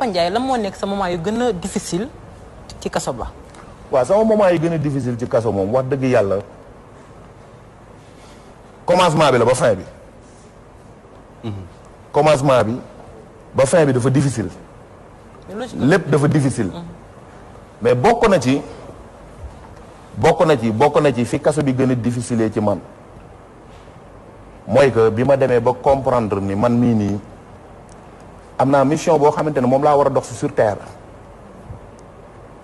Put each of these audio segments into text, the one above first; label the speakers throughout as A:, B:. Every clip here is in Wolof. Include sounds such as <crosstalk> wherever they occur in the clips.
A: Papa Ndiaye lan moo nekk sa moment yu gën a difficile ci kaso ba. waaw sama moment yi gën a difficile ci kaso moom wax dëgg yàlla commencement bi la ba fin bi. Mm-hmm. commencement bi ba fin bi dafa difficile. lépp dafa difficile. Mm-hmm. mais bokk na ci bokk na ci bokk na ci fi kaso bi gën a difficile ci man mooy que bi ma demee ba comprendre ni man mii nii. am na mission boo xamante ne moom laa war a dox si sur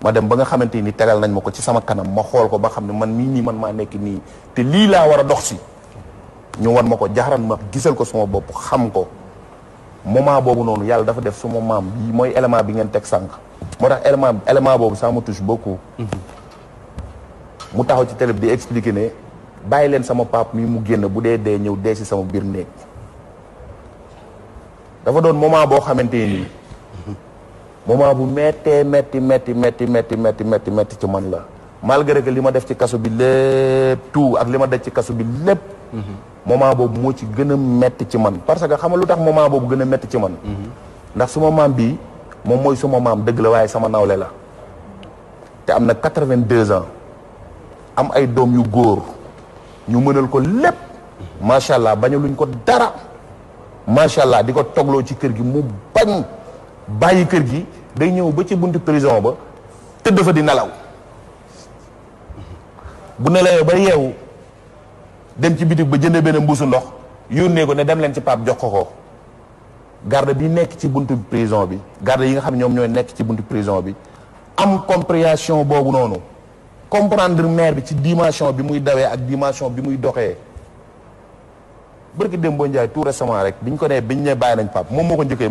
A: ma dem ba nga xamante ni tegal nañ ma ko ci sama kanam ma xool ko ba xam ne man mii nii man maa nekk nii te lii laa war a dox si ñu wan ma ko jaxaran ma gisal ko sama bopp xam ko moment boobu noonu yàlla dafa def suma maam mooy élément bi ngeen teg sànq moo tax élément élément boobu ça me touche beaucoup mu taxaw ci tele bi di expliquer ne bàyyi leen sama pap mi mu génn bu dee dee ñëw dee si sama biir néeg dafa doon moment boo xamante ni moment bu méttee métti métti métti métti métti metti métti ci man la malgré que li ma def ci kaso bi lépp tout ak li ma def ci kaso bi lépp moment boobu moo ci gën a métti ci man parce que xam nga lu tax moment boobu gën a métti ci man ndax suma maam bii moom mooy suma maam dëgg la waaye sama nawle la te am na quatre-vingt-deux am ay doom yu góor ñu mënal ko lépp macha allah luñ ko dara macha allah di ko togloo ci kër gi mu bañ bàyyi kër gi day ñëw ba ci buntu prison ba te fa di nelaw bu nelawee ba yeewu dem ci bitig ba jënd benn mbuusu ndox yónnee ko ne dem leen ci paap jox ko ko garde bi nekk ci buntu prison bi garde yi nga xam ñoom ñooy nekk ci buntu prison bi am compréhension boobu noonu comprendre maire bi ci dimension bi muy dawee ak dimension bi muy doxee barki Demba Ndiaye tout récemment rek bi ñu ko nee bi ñu nee bàyyi nañ Pape moom moo ko njëkkee yëg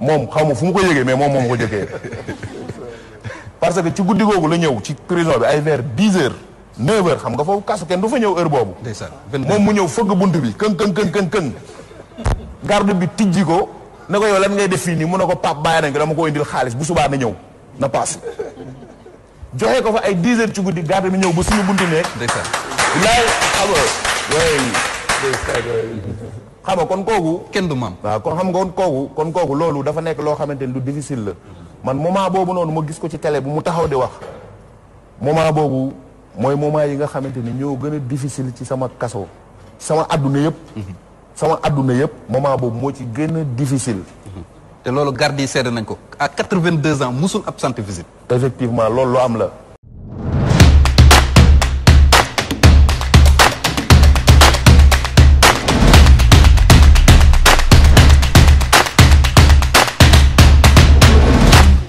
A: moom xaw ma fu mu ko yëgee mais moom moo ma ko njëkkee yëg <laughs> parce que ci guddi googu la ñëw ci prison bi ay vers dix heures neuf heures xam nga foofu kaso kenn du fa ñëw heure boobu. ndeysaan moom mu ñëw fëgg bunt bi këng këng këng këng këng. garde bi tijji ko ne ko yow lan ngay def fii nii mu ne ko Pape bàyyi nañ ko dama ko indil xaalis bu subaa na ñëw na paas joxe ko fa ay dix heures ci guddi garde bi ñëw ba suñu buntu nekk. ndeysaan xam nga kon kooku. kenn du maam waaw kon xam nga kon kooku kon kooku loolu dafa nekk loo xamante ni lu difficile la man moment boobu noonu ma gis ko ci télé bu mu taxaw di wax moment boobu mooy moment yi nga xamante ni ñoo gën a difficile ci sama kaso sama adduna yëpp. sama adduna yëpp moment boobu moo ci gën a difficile. te loolu garde yi seede nañ ko ak quatre-vingt-deux ans musul absente visite. effectivement loolu lu am la.